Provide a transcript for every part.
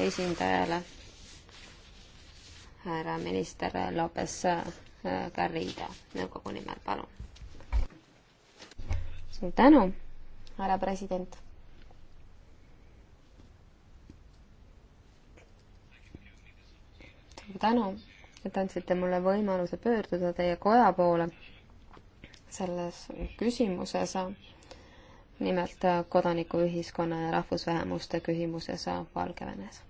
esindajale, härra minister Lopes äh, Garrido nõukogu nimel, palun. suur tänu, härra president. suur tänu, et andsite mulle võimaluse pöörduda teie koja poole selles küsimuses nimelt äh, kodanikuühiskonna ja rahvusvähemuste küsimuses äh, Valgevenes.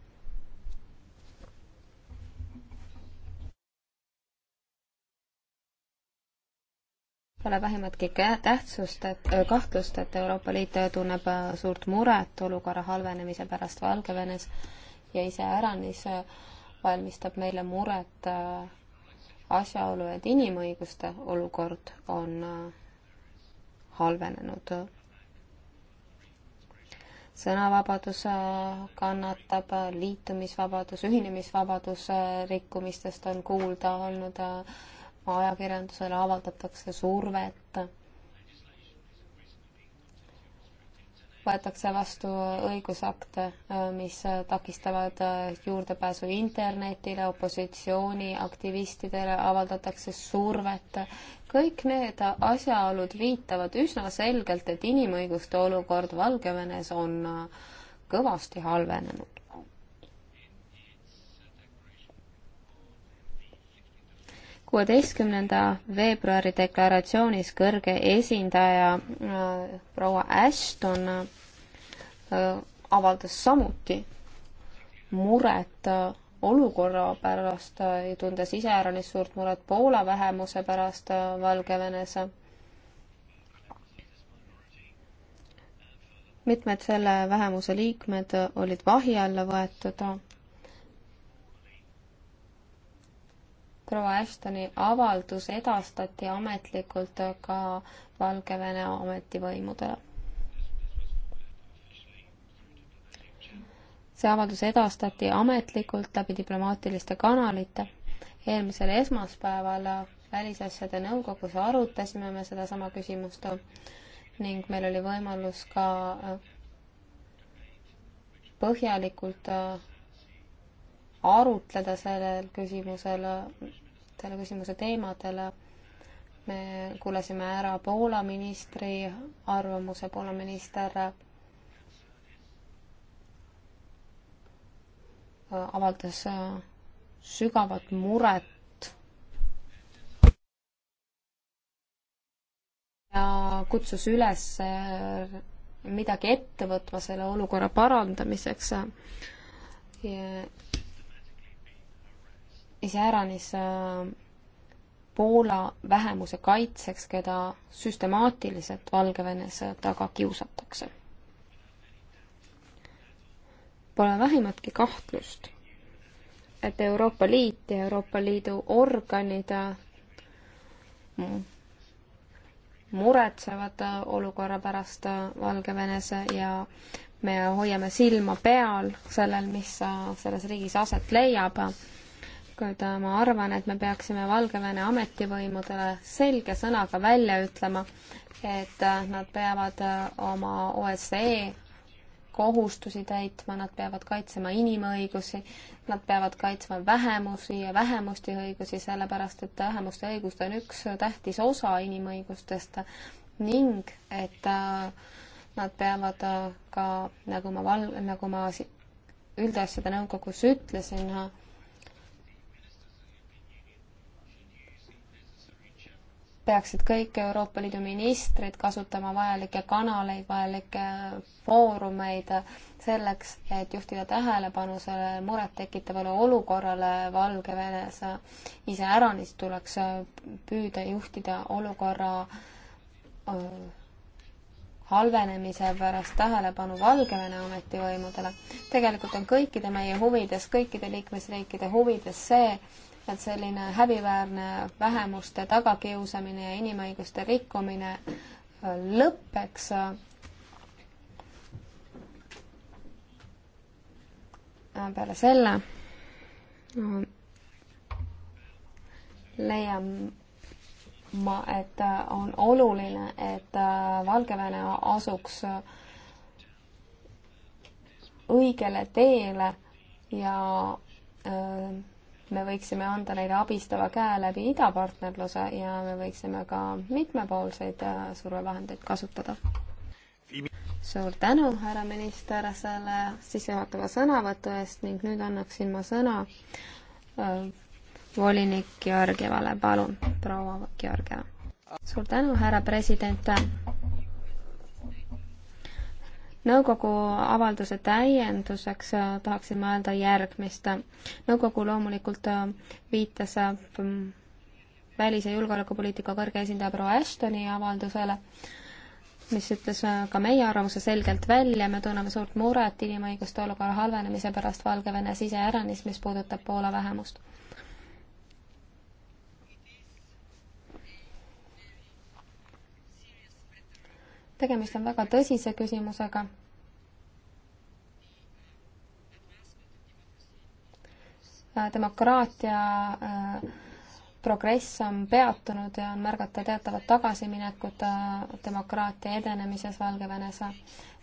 Pole vähimatki tähtsust, et äh, kahtlust, et Euroopa Liit tunneb suurt muret olukorra halvenemise pärast Valgevenes ja iseäranis valmistab meile muret asjaolu, et inimõiguste olukord on halvenenud sõnavabadus äh, kannatab, liitumisvabadus, ühinemisvabaduse äh, rikkumistest on kuulda olnud, äh, ajakirjandusele avaldatakse survet võetakse vastu õigusakte, äh, mis äh, takistavad äh, juurdepääsu internetile, opositsiooniaktivistidele avaldatakse survet. kõik need asjaolud viitavad üsna selgelt, et inimõiguste olukord Valgevenes on kõvasti halvenenud. kuueteistkümnenda veebruari deklaratsioonis kõrge esindaja äh, proua Ashton äh, avaldas samuti muret äh, olukorra pärast äh, ja tundes iseäranis suurt muret Poola vähemuse pärast äh, Valgevenes. mitmed selle vähemuse liikmed olid vahi alla võetud proua Ashtoni avaldus edastati ametlikult ka Valgevene ametivõimudele. see avaldus edastati ametlikult läbi diplomaatiliste kanalite. eelmisel esmaspäeval välisasjade nõukogus arutasime me sedasama küsimust ning meil oli võimalus ka põhjalikult arutleda sellel küsimusel, selle küsimuse teemadel. me kuulasime ära Poola ministri arvamuse, Poola minister äh, avaldas äh, sügavat muret ja kutsus üles äh, midagi ette võtma selle olukorra parandamiseks iseäranis äh, Poola vähemuse kaitseks, keda süstemaatiliselt Valgevenes äh, taga kiusatakse. Pole vähimatki kahtlust, et Euroopa Liit ja Euroopa Liidu organid äh, muretsevad olukorra pärast Valgevenes ja me hoiame silma peal sellel, mis selles riigis aset leiab uskuda, ma arvan, et me peaksime Valgevene ametivõimudele selge sõnaga välja ütlema, et äh, nad peavad äh, oma OSCE kohustusi täitma, nad peavad kaitsema inimõigusi, nad peavad kaitsma vähemusi ja vähemuste õigusi, sellepärast et vähemuste õigused on üks tähtis osa inimõigustest ning et äh, nad peavad ka, nagu ma val-, nagu ma üldasjade nõukogus ütlesin, peaksid kõik Euroopa Liidu ministrid kasutama vajalikke kanaleid, vajalikke foorumeid selleks, et juhtida tähelepanu sellele murettekitavale olukorrale Valgevenes. iseäranis tuleks püüda juhtida olukorra halvenemise pärast tähelepanu Valgevene ametivõimudele. tegelikult on kõikide meie huvides, kõikide liikmesriikide huvides see, et selline häbiväärne vähemuste tagakiusamine ja inimõiguste rikkumine äh, lõpeks. Äh, peale selle äh, leian ma, et on oluline, et Valgevene asuks õigele teele ja öö, me võiksime anda neile abistava käe läbi idapartnerluse ja me võiksime ka mitmepoolseid äh, survevahendeid kasutada. suur tänu, härra minister, selle sissejuhatava sõnavõtu eest ning nüüd annaksin ma sõna äh, volinik Georgievale, palun, proua Georgieva. suur tänu, härra president nõukogu avalduse täienduseks äh, tahaksin ma öelda järgmist. nõukogu loomulikult äh, viitas äh, välis- ja julgeolekupoliitika kõrge esindaja proua Ashtoni avaldusele, mis ütles ka meie arvamuse selgelt välja, me tunneme suurt muret inimõiguste olukorra halvenemise pärast Valgevene siseäranis, mis puudutab Poola vähemust tegemist on väga tõsise küsimusega. demokraatia äh, progress on peatunud ja on märgata teatavat tagasiminekut äh, demokraatia edenemises Valgevenes.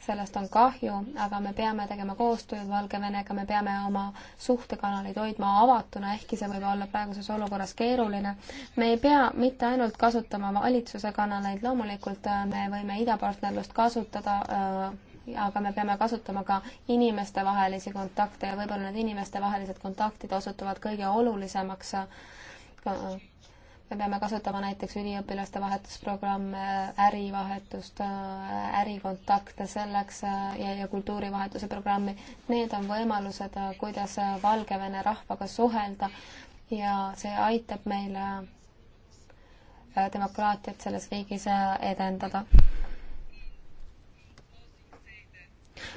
sellest on kahju, aga me peame tegema koostööd Valgevenega, me peame oma suhtekanaleid hoidma avatuna, ehkki see võib olla praeguses olukorras keeruline. me ei pea mitte ainult kasutama valitsuse kanaleid, loomulikult äh, me võime idapartnerlust kasutada äh, aga me peame kasutama ka inimestevahelisi kontakte ja võib-olla need inimestevahelised kontaktid osutuvad kõige olulisemaks äh, ka me peame kasutama näiteks üliõpilaste vahetusprogramme, ärivahetust, ärikontakte selleks ja, ja kultuurivahetuse programmi. Need on võimalused, kuidas Valgevene rahvaga suhelda ja see aitab meile demokraatiat selles riigis edendada.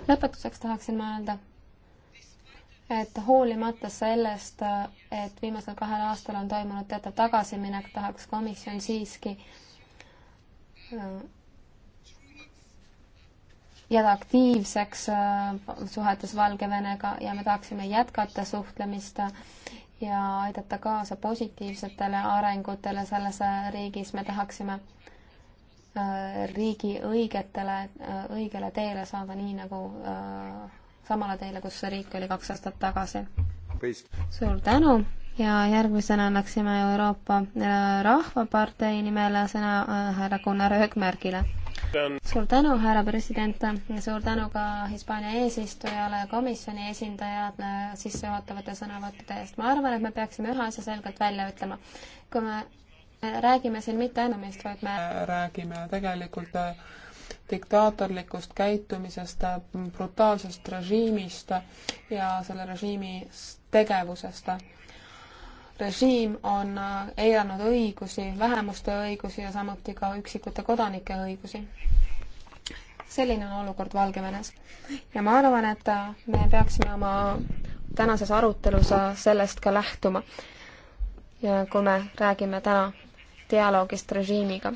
lõpetuseks tahaksin ma öelda et hoolimata sellest, et viimasel kahel aastal on toimunud teatav tagasiminek, tahaks komisjon siiski äh, jääda aktiivseks äh, suhetes Valgevenega ja me tahaksime jätkata suhtlemist ja aidata kaasa positiivsetele arengutele selles äh, riigis, me tahaksime riigi õigetele, õigele teele saada, nii nagu samale teele, kus riik oli kaks aastat tagasi. suur tänu ja järgmisena annaksime Euroopa äh, Rahvapartei nimel sõna äh, härra Gunnar Höökmärgile. suur tänu, härra president, ja suur tänu ka Hispaania eesistujale, komisjoni esindajale äh, sissejuhatavate sõnavõttude eest. ma arvan, et me peaksime ühe asja selgelt välja ütlema. kui me räägime siin mitte ainult meist, vaid me räägime tegelikult diktaatorlikust käitumisest, brutaalsest režiimist ja selle režiimi tegevusest. režiim on eiranud õigusi, vähemuste õigusi ja samuti ka üksikute kodanike õigusi. selline on olukord Valgevenes. ja ma arvan, et me peaksime oma tänases arutelus sellest ka lähtuma. ja kui me räägime täna dialoogist režiimiga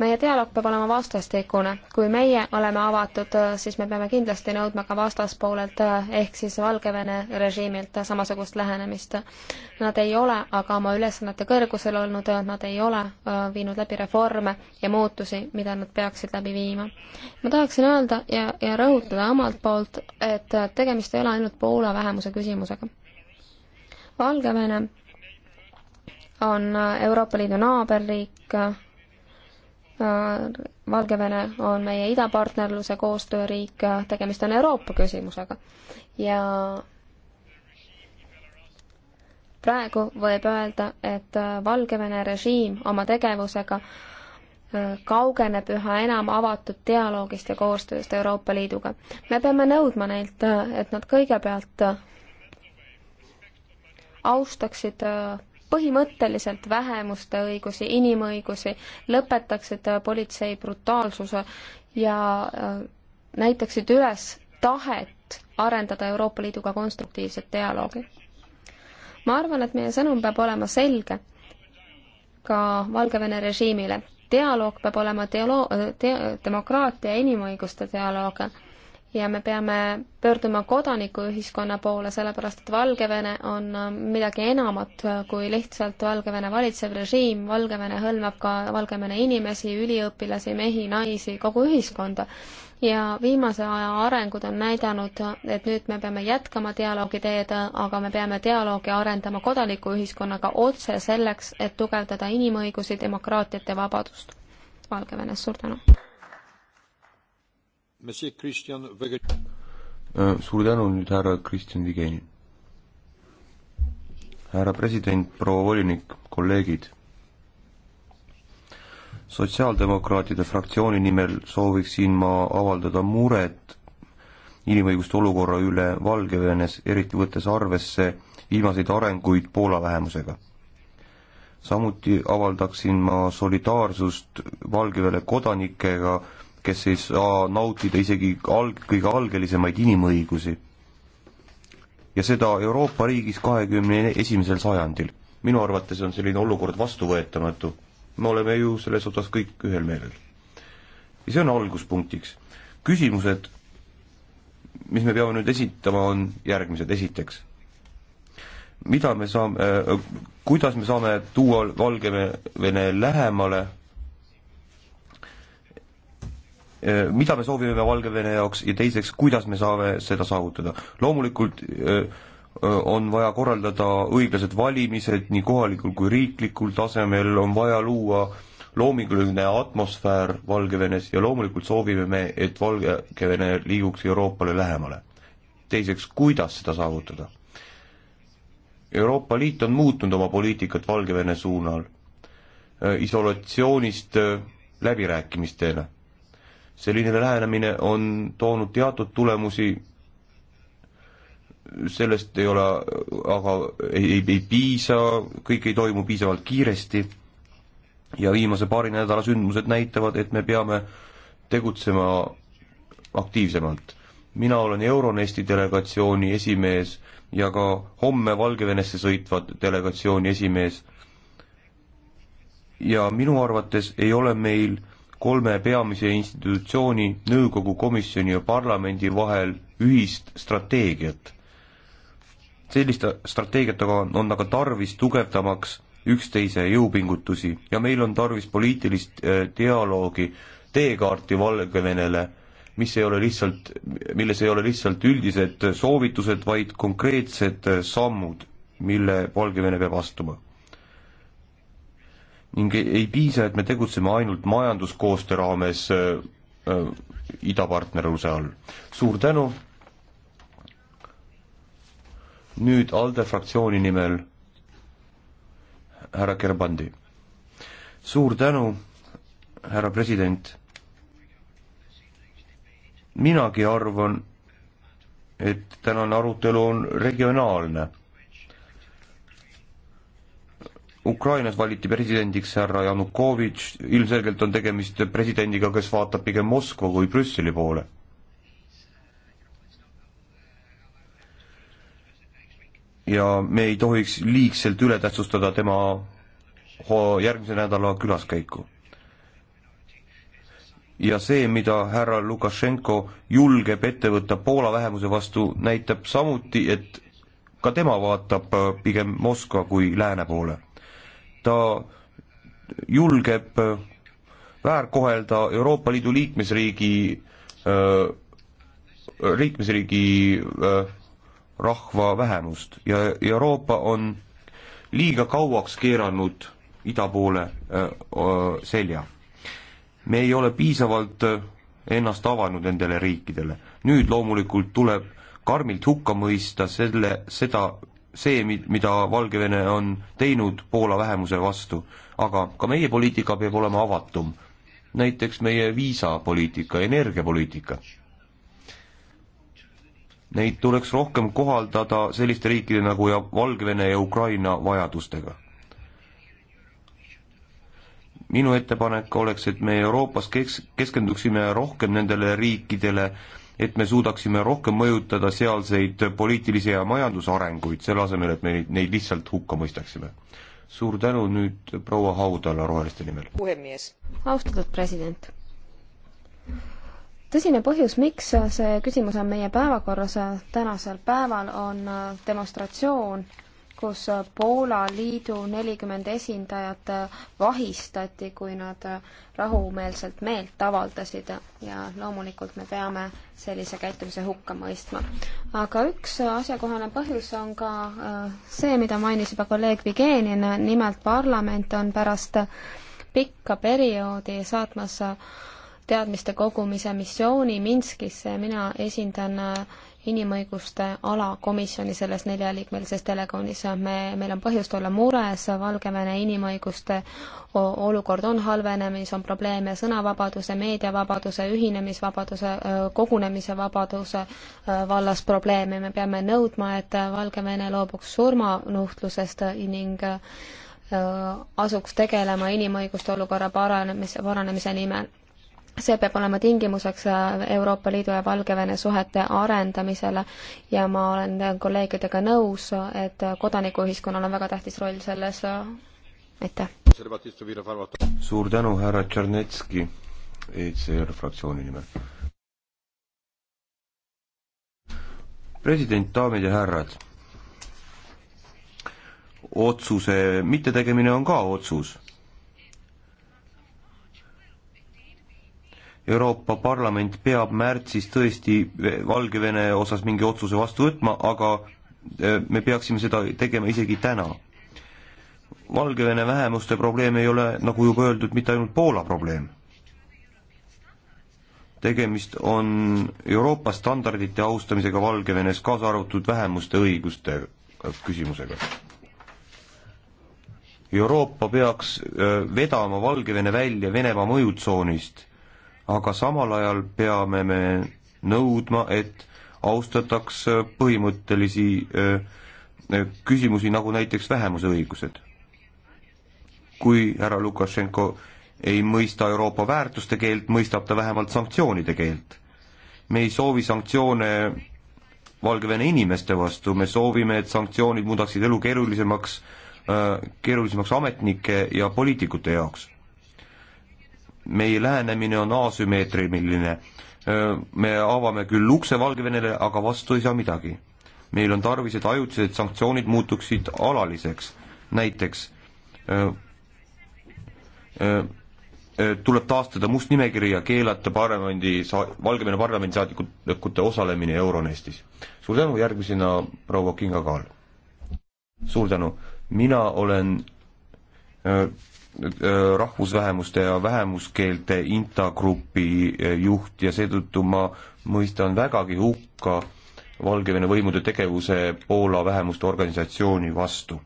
meie dialoog peab olema vastastikune. kui meie oleme avatud, siis me peame kindlasti nõudma ka vastaspoolelt eh, ehk siis Valgevene režiimilt samasugust lähenemist. Nad ei ole aga oma ülesannete kõrgusel olnud, eh, nad ei ole eh, viinud läbi reforme ja muutusi, mida nad peaksid läbi viima. ma tahaksin öelda ja, ja rõhutada omalt poolt, et tegemist ei ole ainult Poola vähemuse küsimusega. Valgevene on Euroopa Liidu naaberriik, Valgevene on meie idapartnerluse koostööriik, tegemist on Euroopa küsimusega. ja praegu võib öelda, et Valgevene režiim oma tegevusega äh, kaugeneb üha enam avatud dialoogist ja koostööst Euroopa Liiduga. me peame nõudma neilt, äh, et nad kõigepealt äh, austaksid põhimõtteliselt vähemuste õigusi, inimõigusi, lõpetaksid äh, politsei brutaalsuse ja äh, näitaksid üles tahet arendada Euroopa Liiduga konstruktiivset dialoogi. ma arvan, et meie sõnum peab olema selge ka Valgevene režiimile. dialoog peab olema dialoog, te-, äh, demokraatia ja inimõiguste dialoog ja me peame pöörduma kodanikuühiskonna poole, sellepärast et Valgevene on ähm, midagi enamat äh, kui lihtsalt Valgevene valitsev režiim, Valgevene hõlmab ka Valgevene inimesi, üliõpilasi, mehi, naisi, kogu ühiskonda. ja viimase aja arengud on näidanud, et nüüd me peame jätkama dialoogi teed, aga me peame dialoogi arendama kodanikuühiskonnaga otse selleks, et tugevdada inimõigusi, demokraatiat ja vabadust Valgevenes, suur tänu! Äh, suur tänu nüüd härra Kristjan Vigenin. härra president, proua volinik, kolleegid. sotsiaaldemokraatide fraktsiooni nimel sooviksin ma avaldada muret inimõiguste olukorra üle Valgevenes, eriti võttes arvesse viimaseid arenguid Poola vähemusega. samuti avaldaksin ma solidaarsust Valgevene kodanikega, kes ei saa nautida isegi alg-, kõige algelisemaid inimõigusi. ja seda Euroopa riigis kahekümne esimesel sajandil. minu arvates on selline olukord vastuvõetamatu. me oleme ju selles osas kõik ühel meelel. ja see on alguspunktiks. küsimused, mis me peame nüüd esitama, on järgmised, esiteks mida me saame, äh, kuidas me saame tuua Valgevene lähemale Äh, mida me soovime Valgevene jaoks ja teiseks, kuidas me saame seda saavutada. loomulikult äh, äh, on vaja korraldada õiglased valimised nii kohalikul kui riiklikul tasemel, on vaja luua loominguline atmosfäär Valgevenes ja loomulikult soovime me, et Valgevene liiguks Euroopale lähemale. teiseks, kuidas seda saavutada? Euroopa Liit on muutnud oma poliitikat Valgevene suunal isolatsioonist läbirääkimistele selline lähenemine on toonud teatud tulemusi, sellest ei ole, aga ei, ei, ei piisa, kõik ei toimu piisavalt kiiresti ja viimase paari nädala sündmused näitavad, et me peame tegutsema aktiivsemalt. mina olen Euronesti delegatsiooni esimees ja ka homme Valgevenesse sõitva delegatsiooni esimees ja minu arvates ei ole meil kolme peamise institutsiooni, nõukogu, komisjoni ja parlamendi vahel ühist strateegiat. sellist strateegiat aga on aga tarvis tugevdamaks üksteise jõupingutusi ja meil on tarvis poliitilist äh, dialoogi, teekaarti Valgevenele, mis ei ole lihtsalt, milles ei ole lihtsalt üldised soovitused, vaid konkreetsed sammud, mille Valgevene peab astuma ning ei piisa, et me tegutseme ainult majanduskoostöö raames äh, äh, idapartnerluse all. suur tänu, nüüd ALDE fraktsiooni nimel härra Gerbandi. suur tänu, härra president. minagi arvan, et tänane arutelu on regionaalne Ukrainas valiti presidendiks härra Janukovitš, ilmselgelt on tegemist presidendiga, kes vaatab pigem Moskva kui Brüsseli poole. ja me ei tohiks liigselt üle tähtsustada tema järgmise nädala külaskäiku. ja see, mida härra Lukašenko julgeb ette võtta Poola vähemuse vastu, näitab samuti, et ka tema vaatab pigem Moskva kui lääne poole ta julgeb äh, väärkohelda Euroopa Liidu liikmesriigi, äh, liikmesriigi äh, rahva vähemust ja Euroopa on liiga kauaks keeranud ida poole selja. me ei ole piisavalt ennast avanud nendele riikidele. nüüd loomulikult tuleb karmilt hukka mõista selle, seda, see, mida Valgevene on teinud Poola vähemuse vastu, aga ka meie poliitika peab olema avatum. näiteks meie viisapoliitika, energiapoliitika. Neid tuleks rohkem kohaldada selliste riikide nagu ja Valgevene ja Ukraina vajadustega minu ettepanek oleks, et me Euroopas kes-, keskenduksime rohkem nendele riikidele, et me suudaksime rohkem mõjutada sealseid poliitilisi ja majandusarenguid, selle asemel, et me neid, neid lihtsalt hukka mõistaksime. suur tänu nüüd proua Haudala Roheliste nimel. puhemees. austatud president. tõsine põhjus, miks see küsimus on meie päevakorras tänasel päeval, on demonstratsioon kus äh, Poola liidu nelikümmend esindajat äh, vahistati, kui nad äh, rahumeelselt meelt avaldasid ja loomulikult me peame sellise käitumise hukka mõistma. aga üks asjakohane põhjus on ka see, mida mainis juba kolleeg Vigenin, nimelt parlament on pärast pikka perioodi saatmas teadmiste kogumise missiooni Minskisse ja mina esindan inimõiguste alakomisjoni selles neljaliikmelises delegaonis. me, meil on põhjust olla mures, Valgevene inimõiguste olukord on halvenemis, on probleeme sõnavabaduse, meediavabaduse, ühinemisvabaduse, kogunemise vabaduse vallas probleeme. me peame nõudma, et Valgevene loobuks surmanuhtlusest ning asuks tegelema inimõiguste olukorra paranemise, paranemise nimel see peab olema tingimuseks äh, Euroopa Liidu ja Valgevene suhete arendamisele ja ma olen kolleegidega nõus, et kodanikuühiskonnal on väga tähtis roll selles, äh, aitäh. suur tänu, härra Tšernetski, ECR fraktsiooni nimel. president, daamid ja härrad, otsuse mittetegemine on ka otsus Euroopa Parlament peab märtsis tõesti Valgevene osas mingi otsuse vastu võtma, aga e, me peaksime seda tegema isegi täna. Valgevene vähemuste probleem ei ole, nagu juba öeldud, mitte ainult Poola probleem. tegemist on Euroopa standardite austamisega Valgevenes, kaasa arvatud vähemuste õiguste e, küsimusega. Euroopa peaks e, vedama Valgevene välja Venemaa mõjutsoonist aga samal ajal peame me nõudma, et austataks põhimõttelisi eh, eh, küsimusi, nagu näiteks vähemuse õigused. kui härra Lukašenko ei mõista Euroopa väärtuste keelt, mõistab ta vähemalt sanktsioonide keelt. me ei soovi sanktsioone Valgevene inimeste vastu, me soovime, et sanktsioonid muudaksid elu keerulisemaks, eh, keerulisemaks ametnike ja poliitikute jaoks meie lähenemine on asümmeetriline. me avame küll ukse Valgevenele, aga vastu ei saa midagi. meil on tarvis, et ajutised sanktsioonid muutuksid alaliseks. näiteks tuleb taastada must nimekiri ja keelata parlamendi, Valgevene parlamendi saadikute osalemine Euronestis. suur tänu, järgmisena proua Kinga Kaal. suur tänu, mina olen Äh, rahvusvähemuste ja vähemuskeelte intagrupi äh, juht ja seetõttu ma mõistan vägagi hukka Valgevene võimude tegevuse Poola vähemuste organisatsiooni vastu.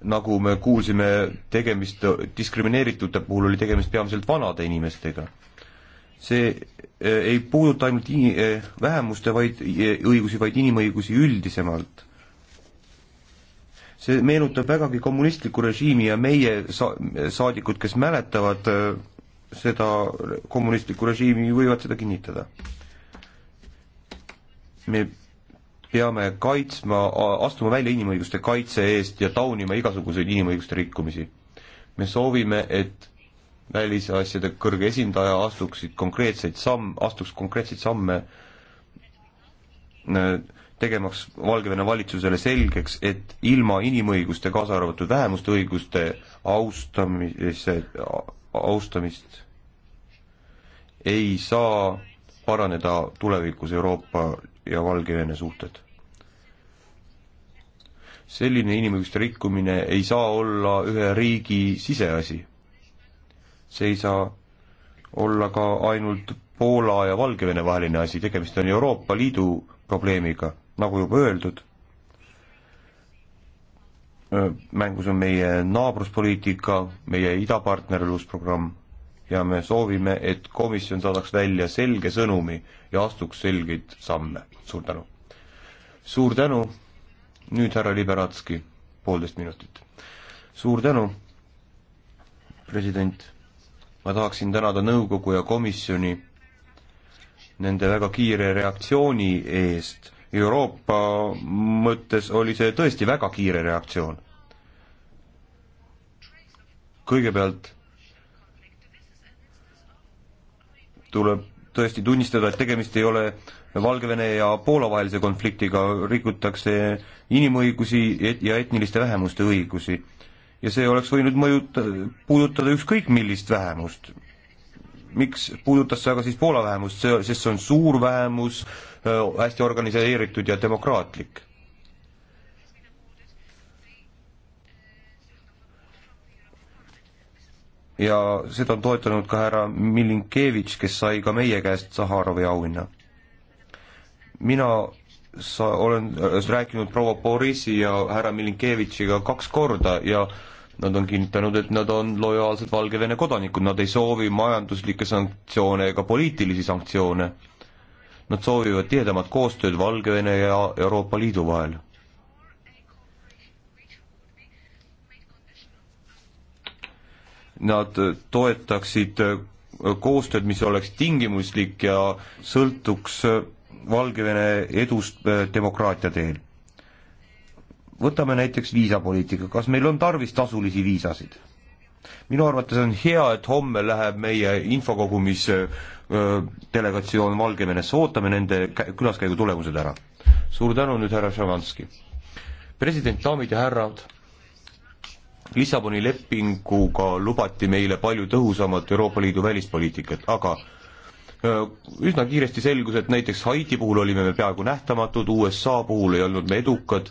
nagu me kuulsime, tegemist diskrimineeritute puhul oli tegemist peamiselt vanade inimestega. see äh, ei puuduta ainult vähemuste, vaid õigusi, vaid inimõigusi üldisemalt see meenutab vägagi kommunistlikku režiimi ja meie sa-, saadikud, kes mäletavad äh, seda kommunistlikku režiimi, võivad seda kinnitada. me peame kaitsma, astuma välja inimõiguste kaitse eest ja taunima igasuguseid inimõiguste rikkumisi. me soovime, et välisasjade kõrge esindaja astuksid konkreetseid samm, astuks konkreetseid samme äh, tegemaks Valgevene valitsusele selgeks, et ilma inimõiguste, kaasa arvatud vähemuste õiguste austamise, austamist ei saa paraneda tulevikus Euroopa ja Valgevene suhted. selline inimõiguste rikkumine ei saa olla ühe riigi siseasi. see ei saa olla ka ainult Poola ja Valgevene vaheline asi, tegemist on Euroopa Liidu probleemiga nagu juba öeldud, mängus on meie naabruspoliitika, meie idapartnerlusprogramm ja me soovime, et komisjon saadaks välja selge sõnumi ja astuks selgeid samme. suur tänu! suur tänu, nüüd härra Liberatski, poolteist minutit. suur tänu, president, ma tahaksin tänada nõukogu ja komisjoni nende väga kiire reaktsiooni eest Euroopa mõttes oli see tõesti väga kiire reaktsioon. kõigepealt tuleb tõesti tunnistada, et tegemist ei ole Valgevene ja Poola vahelise konfliktiga, rikutakse inimõigusi et ja etniliste vähemuste õigusi. ja see oleks võinud mõjuta, puudutada ükskõik millist vähemust, miks puudutas see aga siis Poola vähemust, see, sest see on suur vähemus, hästi organiseeritud ja demokraatlik? ja seda on toetanud ka härra Milinkevitš, kes sai ka meie käest Saharovi auhinna. mina sa-, olen äh, rääkinud proua Borisi ja härra Milinkevitšiga kaks korda ja äh, Nad on kinnitanud, et nad on lojaalsed Valgevene kodanikud, nad ei soovi majanduslikke sanktsioone ega poliitilisi sanktsioone. Nad soovivad tihedamat koostööd Valgevene ja Euroopa Liidu vahel nad toetaksid koostööd, mis oleks tingimuslik ja sõltuks Valgevene edust demokraatia teel võtame näiteks viisapoliitika, kas meil on tarvis tasulisi viisasid? minu arvates on hea, et homme läheb meie infokogumis äh, delegatsioon Valgevenesse, ootame nende külaskäigu tulemused ära. suur tänu nüüd, härra Šavanski. president, daamid ja härrad, Lissaboni lepinguga lubati meile palju tõhusamat Euroopa Liidu välispoliitikat, aga äh, üsna kiiresti selgus, et näiteks Haiti puhul olime me peaaegu nähtamatud, USA puhul ei olnud me edukad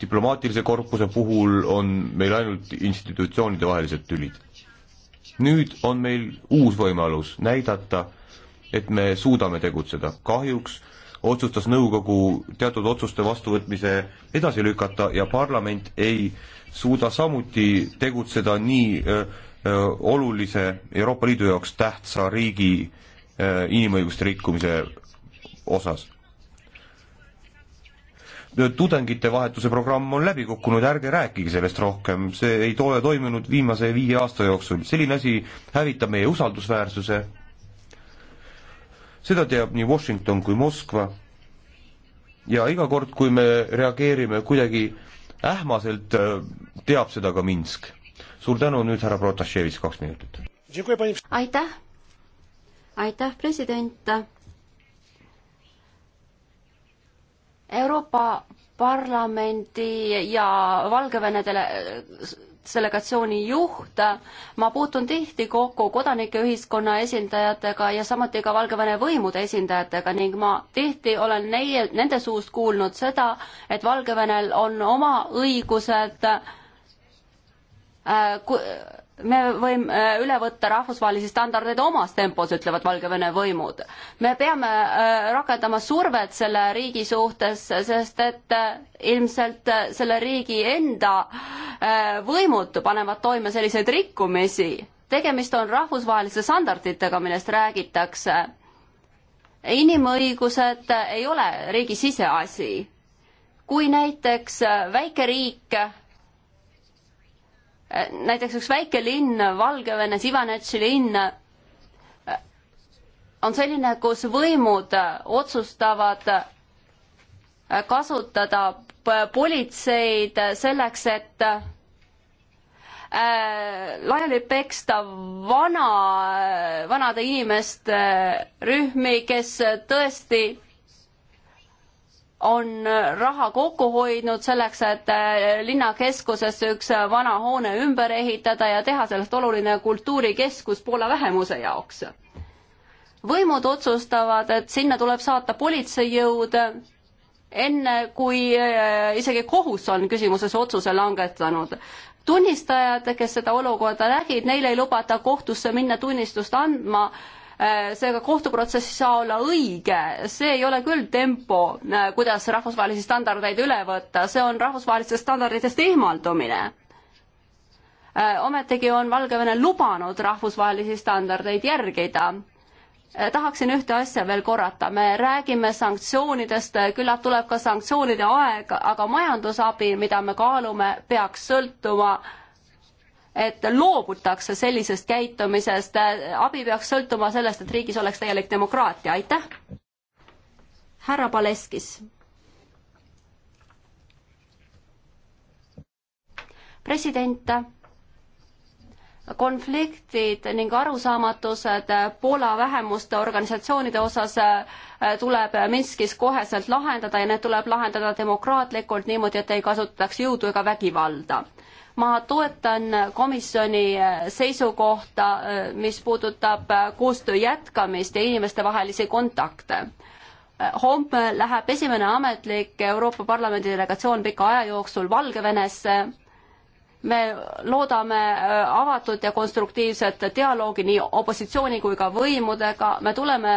diplomaatilise korpuse puhul on meil ainult institutsioonide vahelised tülid. nüüd on meil uus võimalus näidata, et me suudame tegutseda. kahjuks otsustas nõukogu teatud otsuste vastuvõtmise edasi lükata ja parlament ei suuda samuti tegutseda nii öö, öö, olulise Euroopa Liidu jaoks tähtsa riigi öö, inimõiguste rikkumise osas tudengite vahetuse programm on läbi kukkunud, ärge rääkige sellest rohkem, see ei ole toimunud viimase viie aasta jooksul, selline asi hävitab meie usaldusväärsuse. seda teab nii Washington kui Moskva. ja iga kord, kui me reageerime kuidagi ähmaselt, äh, teab seda ka Minsk. suur tänu, nüüd härra Protasevitš, kaks minutit. aitäh, aitäh, president Euroopa Parlamendi ja Valgevene delegatsiooni juht, ma puutun tihti kokku kodanikeühiskonna esindajatega ja samuti ka Valgevene võimude esindajatega ning ma tihti olen neie, nende suust kuulnud seda, et Valgevenel on oma õigused äh, me võime äh, üle võtta rahvusvahelisi standardeid omas tempos, ütlevad Valgevene võimud. me peame äh, rakendama survet selle riigi suhtes, sest et äh, ilmselt selle riigi enda võimud panevad toime selliseid rikkumisi. tegemist on rahvusvaheliste standarditega, millest räägitakse. inimõigused ei ole riigi siseasi. kui näiteks väike riik näiteks üks väike linn Valgevenes, Ivanetši linn, on selline, kus võimud otsustavad kasutada politseid selleks, et äh, laiali peksta vana, vanade inimeste rühmi, kes tõesti on raha kokku hoidnud selleks, et eh, linnakeskusesse üks vana hoone ümber ehitada ja teha sellest oluline kultuurikeskus Poola vähemuse jaoks. võimud otsustavad, et sinna tuleb saata politseijõud enne, kui eh, isegi kohus on küsimuses otsuse langetanud tunnistajad, kes seda olukorda nägid, neile ei lubata kohtusse minna tunnistust andma Äh, seega kohtuprotsess ei saa olla õige, see ei ole küll tempo, äh, kuidas rahvusvahelisi standardeid üle võtta, see on rahvusvahelistest standarditest eemaldumine. Äh, ometigi on Valgevene lubanud rahvusvahelisi standardeid järgida tahaksin ühte asja veel korrata, me räägime sanktsioonidest, küllap tuleb ka sanktsioonide aeg, aga majandusabi, mida me kaalume, peaks sõltuma äh, et loobutakse sellisest käitumisest, abi peaks sõltuma sellest, et riigis oleks täielik demokraatia, aitäh! härra Paleskis. president konfliktid ning arusaamatused Poola vähemuste organisatsioonide osas äh, tuleb Minskis koheselt lahendada ja need tuleb lahendada demokraatlikult niimoodi, et ei kasutataks jõudu ega vägivalda. ma toetan komisjoni äh, seisukohta, äh, mis puudutab koostöö jätkamist ja inimestevahelisi kontakte homme läheb esimene ametlik Euroopa Parlamendi delegatsioon pika aja jooksul Valgevenesse me loodame äh, avatud ja konstruktiivset dialoogi nii opositsiooni kui ka võimudega, me tuleme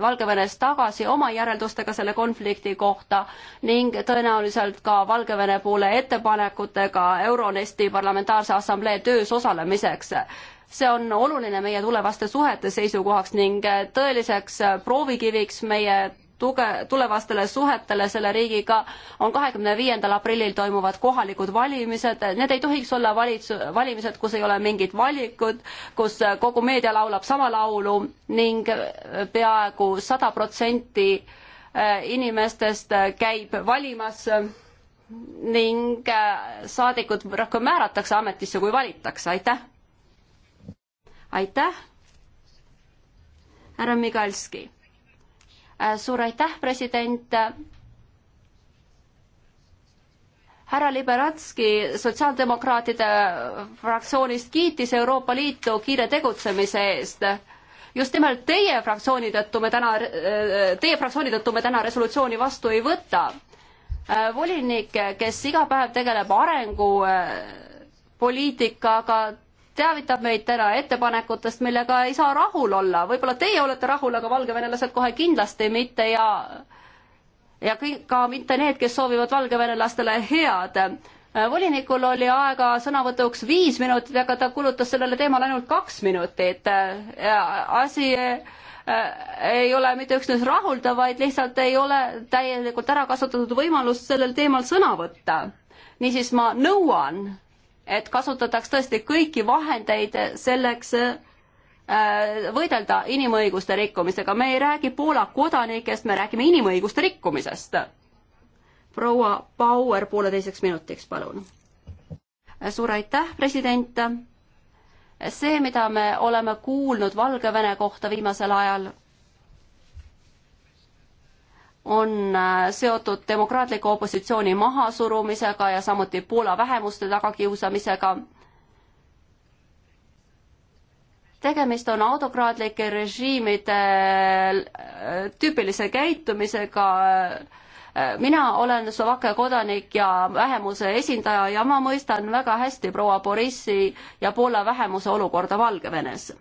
Valgevenes tagasi oma järeldustega selle konflikti kohta ning tõenäoliselt ka Valgevene poole ettepanekutega Euronesti Parlamentaarse Assamblee töös osalemiseks see on oluline meie tulevaste suhete seisukohaks ning tõeliseks proovikiviks meie tuge, tulevastele suhetele selle riigiga on kahekümne viiendal aprillil toimuvad kohalikud valimised, need ei tohiks olla valitsu-, valimised, kus ei ole mingit valikut, kus kogu meedia laulab sama laulu ning peaaegu sada protsenti äh, inimestest äh, käib valimas ning äh, saadikud rohkem määratakse ametisse, kui valitakse, aitäh! aitäh! härra Migalski Äh, suur aitäh, president. härra Liberatski sotsiaaldemokraatide fraktsioonist kiitis Euroopa Liitu kiire tegutsemise eest just nimelt teie fraktsiooni tõttu me täna, äh, teie fraktsiooni tõttu me täna resolutsiooni vastu ei võta. Äh, volinik, kes iga päev tegeleb arengupoliitikaga, teavitab meid täna ettepanekutest, millega ei saa rahul olla. võib-olla teie olete rahul, aga valgevenelased kohe kindlasti mitte ja ja kõik, ka mitte need, kes soovivad valgevenelastele head. volinikul oli aega sõnavõtuks viis minutit, aga ta kulutas sellele teemale ainult kaks minutit. asi äh, ei ole mitte üksnes rahuldav, vaid lihtsalt ei ole täielikult ära kasutatud võimalust sellel teemal sõna võtta. niisiis ma nõuan et kasutataks tõesti kõiki vahendeid selleks äh, võidelda inimõiguste rikkumisega. me ei räägi Poola kodanikest, me räägime inimõiguste rikkumisest. proua Bauer pooleteiseks minutiks, palun. suur aitäh, president. see, mida me oleme kuulnud Valgevene kohta viimasel ajal on äh, seotud demokraatliku opositsiooni mahasurumisega ja samuti Poola vähemuste tagakiusamisega. tegemist on autokraatlike režiimide äh, tüüpilise käitumisega. Äh, mina olen Slovakkia kodanik ja vähemuse esindaja ja ma mõistan väga hästi proua Borissi ja Poola vähemuse olukorda Valgevenes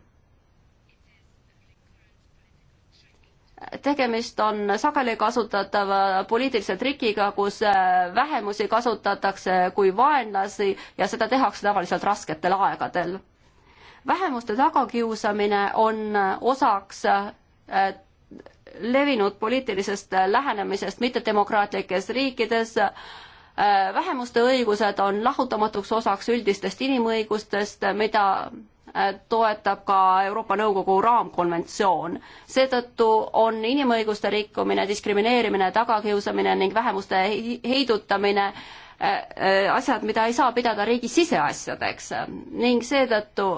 tegemist on sageli kasutatava poliitilise trikiga, kus äh, vähemusi kasutatakse kui vaenlasi ja seda tehakse tavaliselt rasketel aegadel. vähemuste tagakiusamine on osaks äh, levinud poliitilisest lähenemisest mittedemokraatlikes riikides. Äh, vähemuste õigused on lahutamatuks osaks üldistest inimõigustest, mida Äh, toetab ka Euroopa Nõukogu raamkonventsioon. seetõttu on inimõiguste rikkumine, diskrimineerimine, tagakiusamine ning vähemuste heidutamine äh, äh, asjad, mida ei saa pidada riigi siseasjadeks ning seetõttu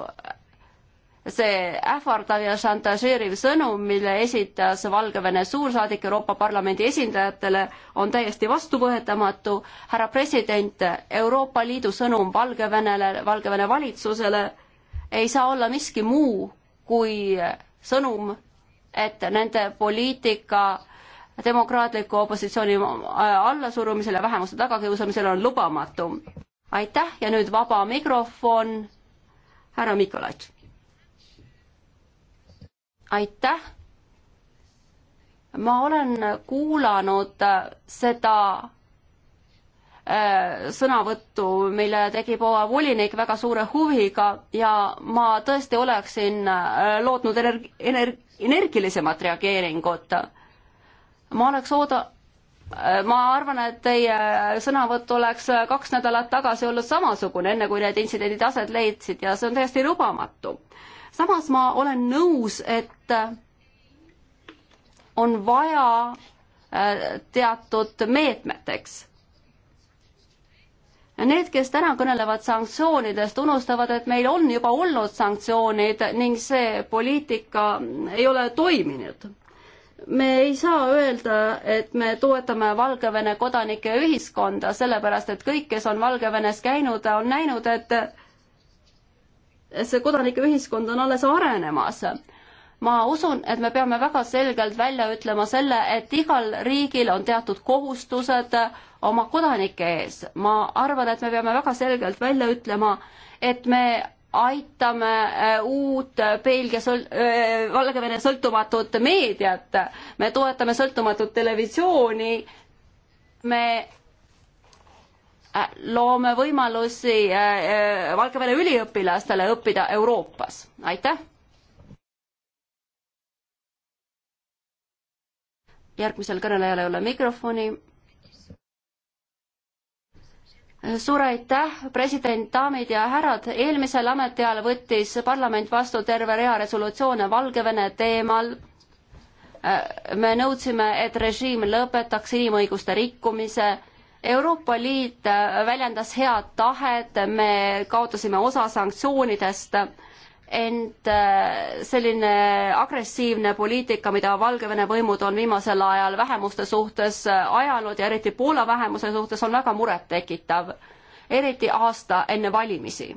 see ähvardav ja šantažeeriv sõnum, mille esitas Valgevene suursaadik Euroopa Parlamendi esindajatele, on täiesti vastuvõetamatu. härra president, Euroopa Liidu sõnum Valgevenele, Valgevene valitsusele ei saa olla miski muu kui sõnum, et nende poliitika demokraatliku opositsiooni allasurumisele, vähemuste tagakiusamisele on lubamatu. aitäh ja nüüd vaba mikrofon, härra Mikolaj. aitäh. ma olen kuulanud seda Äh, sõnavõttu, mille tegi proua volinik väga suure huviga ja ma tõesti oleksin äh, lootnud energ-, energ-, energilisemat reageeringut. ma oleks ooda-, äh, ma arvan, et teie sõnavõtt oleks kaks nädalat tagasi olnud samasugune, enne kui need intsidendid aset leidsid ja see on täiesti lubamatu. samas ma olen nõus, et on vaja teatud meetmeteks Need, kes täna kõnelevad sanktsioonidest, unustavad, et meil on juba olnud sanktsioonid ning see poliitika ei ole toiminud me ei saa öelda, et me toetame Valgevene kodanike ühiskonda, sellepärast et kõik, kes on Valgevenes käinud, on näinud, et see kodanike ühiskond on alles arenemas ma usun, et me peame väga selgelt välja ütlema selle, et igal riigil on teatud kohustused oma kodanike ees. ma arvan, et me peame väga selgelt välja ütlema, et me aitame äh, uut äh, Belgia sõl-, äh, Valgevene sõltumatut meediat, me toetame sõltumatut televisiooni, me loome võimalusi Valgevene üliõpilastele õppida Euroopas, aitäh! järgmisel kõnelejal ei ole mikrofoni. suur aitäh, president, daamid ja härrad, eelmisel ametiajal võttis parlament vastu terve rea resolutsioone Valgevene teemal. Äh, me nõudsime, et režiim lõpetaks inimõiguste rikkumise Euroopa Liit väljendas head tahet, me kaotasime osa sanktsioonidest ent äh, selline agressiivne poliitika, mida Valgevene võimud on viimasel ajal vähemuste suhtes äh, ajanud ja eriti Poola vähemuse suhtes, on väga murettekitav, eriti aasta enne valimisi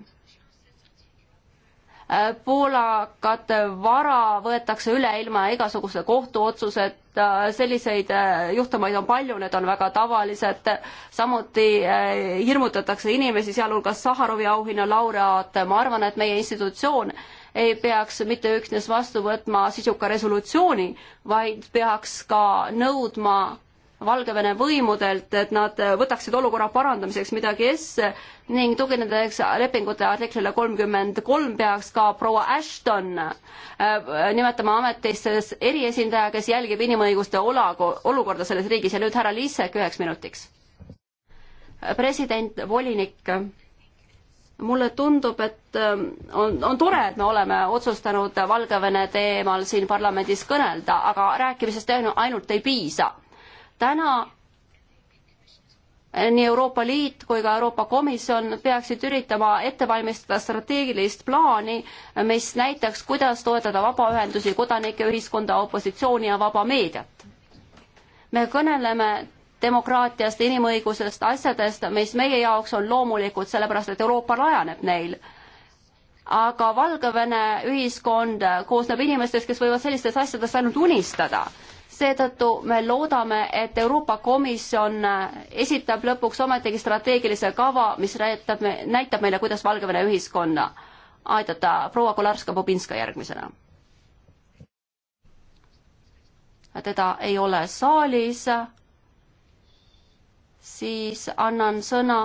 Äh, poolakate vara võetakse üle ilma igasuguse kohtuotsuseta, selliseid äh, juhtumeid on palju, need on väga tavalised. samuti äh, hirmutatakse inimesi, sealhulgas Saharovi auhinna laureaate, ma arvan, et meie institutsioon ei peaks mitte üksnes vastu võtma sisuka resolutsiooni, vaid peaks ka nõudma Valgevene võimudelt, et nad võtaksid olukorra parandamiseks midagi esse ning tuginedes lepingute artiklile kolmkümmend kolm peaks ka proua Ashton äh, nimetama ametisse eriesindaja, kes jälgib inimõiguste olagu, olukorda selles riigis ja nüüd härra Liisek üheks minutiks. president, volinik mulle tundub, et ähm, on, on tore, et me oleme otsustanud Valgevene teemal siin parlamendis kõnelda, aga rääkimisest ainult ei piisa täna nii Euroopa Liit kui ka Euroopa Komisjon peaksid üritama ette valmistada strateegilist plaani, mis näitaks, kuidas toetada vabaühendusi, kodanike ühiskonda, opositsiooni ja vaba meediat. me kõneleme demokraatiast, inimõigusest, asjadest, mis meie jaoks on loomulikud, sellepärast et Euroopa rajaneb neil. aga Valgevene ühiskond koosneb inimestest, kes võivad sellistest asjadest ainult unistada seetõttu me loodame, et Euroopa Komisjon äh, esitab lõpuks ometigi strateegilise kava, mis näitab, näitab meile, kuidas Valgevene ühiskonna aidata. proua Kolarska-Bobinska järgmisena. teda ei ole saalis. siis annan sõna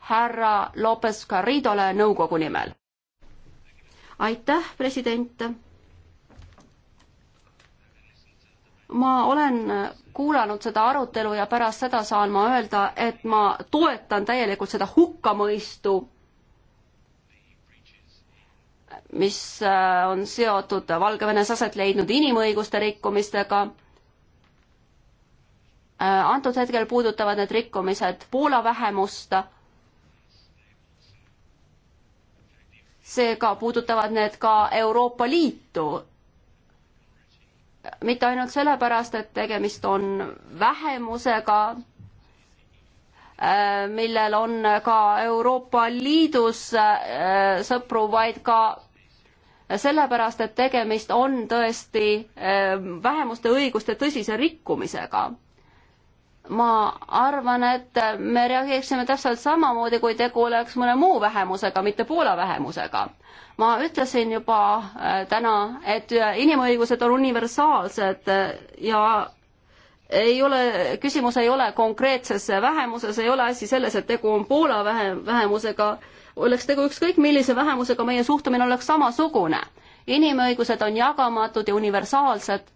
härra Lopez Garridole nõukogu nimel. aitäh, president ma olen kuulanud seda arutelu ja pärast seda saan ma öelda, et ma toetan täielikult seda hukkamõistu, mis äh, on seotud Valgevenes aset leidnud inimõiguste rikkumistega. Äh, antud hetkel puudutavad need rikkumised Poola vähemust seega puudutavad need ka Euroopa Liitu, mitte ainult sellepärast, et tegemist on vähemusega, äh, millel on ka Euroopa Liidus äh, sõpru, vaid ka sellepärast, et tegemist on tõesti äh, vähemuste õiguste tõsise rikkumisega ma arvan, et me reageeriksime täpselt samamoodi, kui tegu oleks mõne muu vähemusega, mitte Poola vähemusega. ma ütlesin juba äh, täna, et äh, inimõigused on universaalsed äh, ja ei ole, küsimus ei ole konkreetses vähemuses, ei ole asi selles, et tegu on Poola vähe, vähemusega, oleks tegu ükskõik millise vähemusega, meie suhtumine oleks samasugune. inimõigused on jagamatud ja universaalsed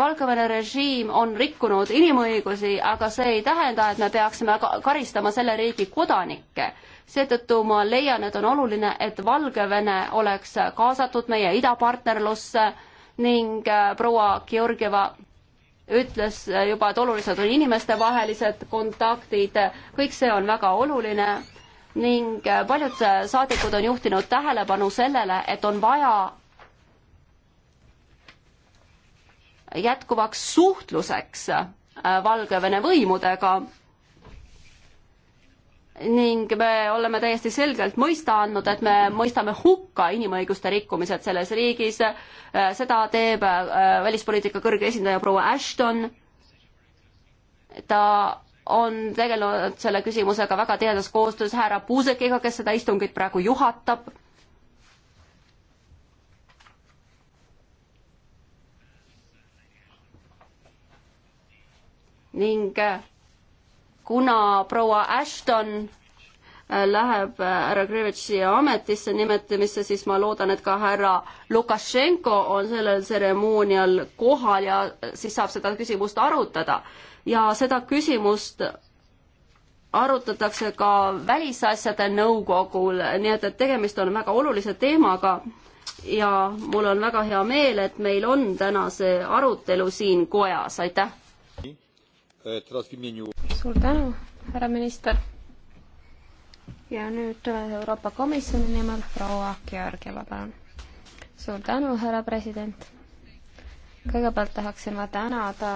Valgevene režiim on rikkunud inimõigusi, aga see ei tähenda, et me peaksime karistama selle riigi kodanikke. seetõttu ma leian, et on oluline, et Valgevene oleks kaasatud meie idapartnerlusse ning äh, proua Georgieva ütles juba, et olulised on inimestevahelised kontaktid, kõik see on väga oluline ning äh, paljud äh, saadikud on juhtinud tähelepanu sellele, et on vaja jätkuvaks suhtluseks äh, Valgevene võimudega ning me oleme täiesti selgelt mõista andnud, et me mõistame hukka inimõiguste rikkumised selles riigis. Äh, seda teeb äh, välispoliitika kõrge esindaja proua Ashton. ta on tegelenud selle küsimusega väga tihedas koostöös härra Puusekiga, kes seda istungit praegu juhatab ning äh, kuna proua Ashton äh, läheb äh, härra Krivetši ametisse nimetamisse, siis ma loodan, et ka härra Lukašenko on sellel tseremoonial kohal ja siis saab seda küsimust arutada. ja seda küsimust arutatakse ka Välisasjade Nõukogul, nii et, et tegemist on väga olulise teemaga ja mul on väga hea meel, et meil on täna see arutelu siin kojas, aitäh! suur tänu, härra minister. ja nüüd Euroopa Komisjoni nimel proua Georgieva, palun. suur tänu, härra president. kõigepealt tahaksin ma tänada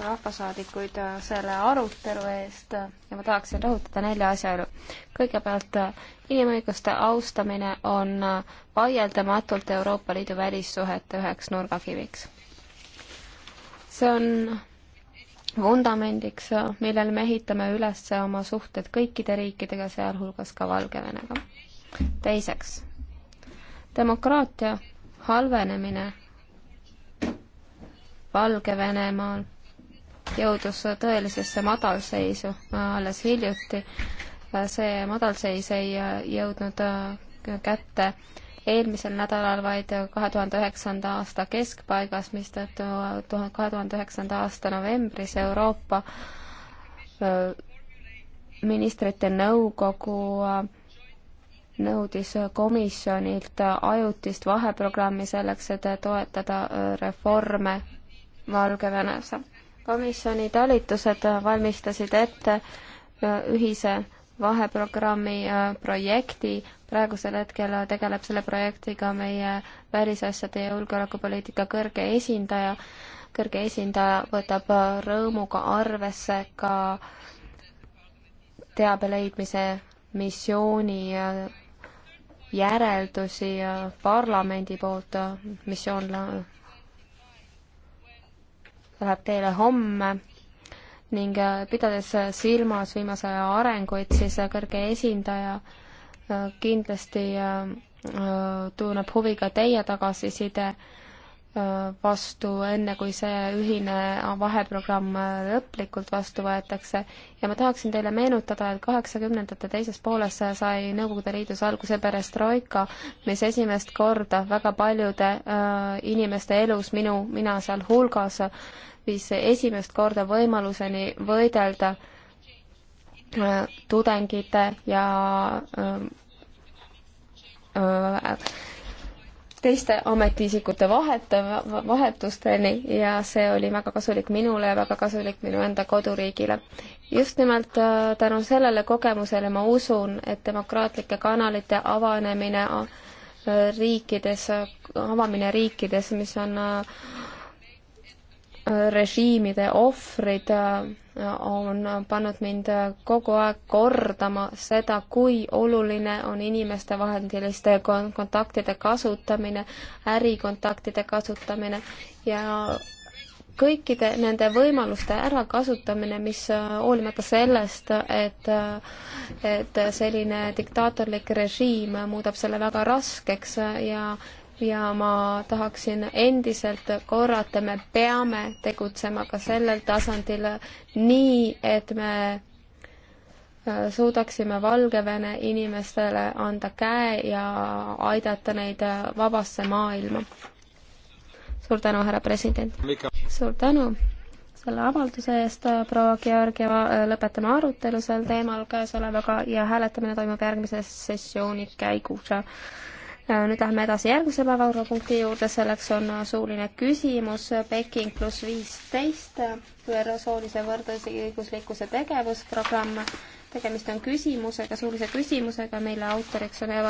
rahvasaadikuid selle arutelu eest ja ma tahaksin rõhutada nelja asjaolu. kõigepealt, inimõiguste austamine on vaieldamatult Euroopa Liidu välissuhete üheks nurgakiviks. see on vundamendiks, millele me ehitame üles oma suhted kõikide riikidega, sealhulgas ka Valgevenega. teiseks, demokraatia halvenemine Valgevenemaal jõudus tõelisesse madalseisu alles hiljuti. see madalseis ei jõudnud kätte äh, eelmisel nädalal vaid kahe tuhande üheksanda aasta keskpaigas, mistõttu tuhande, kahe tuhande üheksanda aasta novembris Euroopa ministrite nõukogu nõudis komisjonilt ajutist vaheprogrammi selleks, et toetada reforme Valgevenes. komisjoni talitused valmistasid ette ühise vaheprogrammi äh, projekti, praegusel hetkel äh, tegeleb selle projektiga meie välisasjade ja julgeolekupoliitika kõrge esindaja. kõrge esindaja võtab äh, rõõmuga arvesse ka teabe leidmise missiooni järeldusi parlamendi poolt, missioon läheb teele homme ning äh, pidades äh, silmas viimase aja arenguid, siis äh, kõrge esindaja kindlasti tunneb huvi ka teie tagasiside vastu, enne kui see ühine vaheprogramm lõplikult vastu võetakse. ja ma tahaksin teile meenutada, et kaheksakümnendate teises pooles sai Nõukogude Liidus alguse perestroika, mis esimest korda väga paljude äh, inimeste elus, minu, mina sealhulgas, viis esimest korda võimaluseni võidelda äh, tudengite ja äh, äh, teiste ametiisikute vahet, vahetusteni ja see oli väga kasulik minule ja väga kasulik minu enda koduriigile. just nimelt tänu sellele kogemusele ma usun, et demokraatlike kanalite avanemine riikides, avamine riikides, mis on režiimide ohvrid äh, on pannud mind kogu aeg kordama seda, kui oluline on inimestevaheliste kontaktide kasutamine, ärikontaktide kasutamine ja kõikide nende võimaluste ärakasutamine, mis äh, hoolimata sellest, et, äh, et selline diktaatorlik režiim muudab selle väga raskeks ja ja ma tahaksin endiselt korrata, me peame tegutsema ka sellel tasandil nii, et me äh, suudaksime Valgevene inimestele anda käe ja aidata neid äh, vabasse maailma. suur tänu, härra president! suur tänu selle avalduse eest, äh, proua Georgieva, lõpetame arutelu sel teemal käesolevaga ja hääletamine toimub järgmise sessiooni käigus. Äh, nüüd lähme edasi järgmise päevakorrapunkti juurde, selleks on äh, suuline küsimus äh, Peking pluss viisteist, ÜRO soolise võrdõiguslikkuse tegevusprogramm. tegemist on küsimusega, suulise küsimusega, mille autoriks on Eva